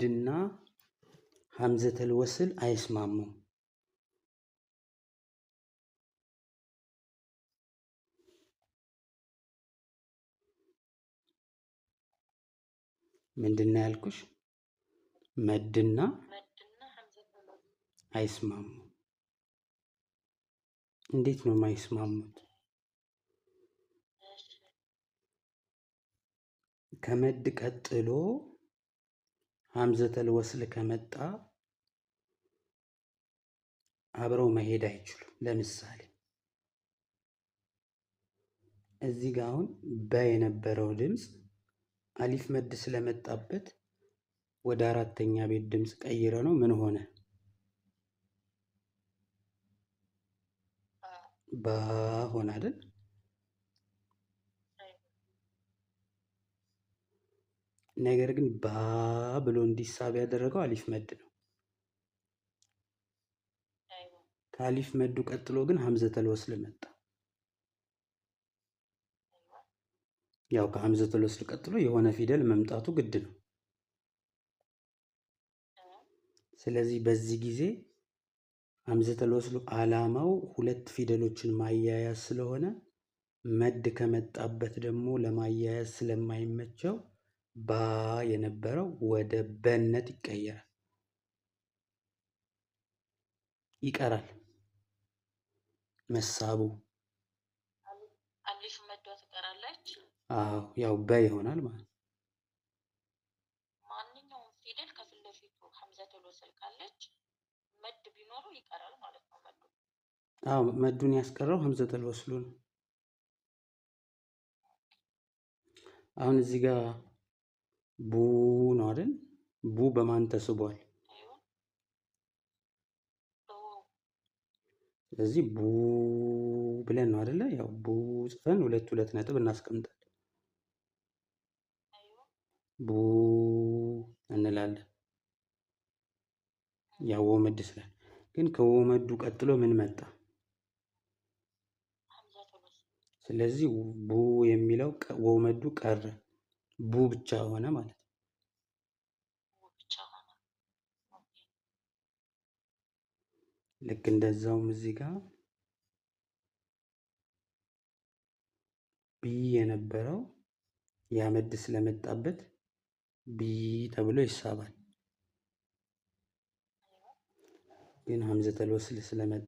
ድና ሀምዘተል ወስል አይስማሙም። ምንድና ያልኩሽ መድና አይስማሙም። እንዴት ነው የማይስማሙት? ከመድ ቀጥሎ ሀምዘተል ወስል ከመጣ አብረው መሄድ አይችሉም። ለምሳሌ እዚህ ጋር አሁን በ የነበረው ድምፅ አሊፍ መድ ስለመጣበት ወደ አራተኛ ቤት ድምፅ ቀይረ ነው ምን ሆነ? ባ ሆነ አይደል? ነገር ግን ባ ብሎ እንዲሳብ ያደረገው አሊፍ መድ ነው። ከአሊፍ መዱ ቀጥሎ ግን ሀምዘተል ወስል መጣ። ያው ከሀምዘተል ወስል ቀጥሎ የሆነ ፊደል መምጣቱ ግድ ነው። ስለዚህ በዚህ ጊዜ ሀምዘተል ወስሉ ሁለት ፊደሎችን ማያያዝ ስለሆነ መድ ከመጣበት ደግሞ ለማያያዝ ስለማይመቸው ባ የነበረው ወደ በነት ይቀየራል ይቀራል። መሳቡ አሊፍ መዷ ትቀራለች። አዎ ያው በ ይሆናል ማለት ነው። ማንኛውም ፊደል ከፊት ለፊቱ ሐምዛ ተሎ ሰልቃለች መድ ቢኖረው ይቀራል ማለት ነው። መዱ አዎ መዱን ያስቀረው ሐምዛ ወስሉ ነው። አሁን እዚህ ጋር ቡ ነው አይደል? ቡ በማን ተስቧል? ስለዚህ ቡ ብለን ነው አይደለ? ያው ቡ ጽፈን ሁለት ሁለት ነጥብ እናስቀምጣለን። ቡ እንላለን። ያው ወመድ ስላል ግን ከወመዱ ቀጥሎ ምን መጣ? ስለዚህ ቡ የሚለው ወመዱ ቀረ። ቡ ብቻ ሆነ ማለት ነው። ልክ እንደዛውም እዚህ ጋር ቢ የነበረው ያመድ ስለመጣበት ቢ ተብሎ ይሳባል። ግን ሀምዘተል ወስል ስለመጣ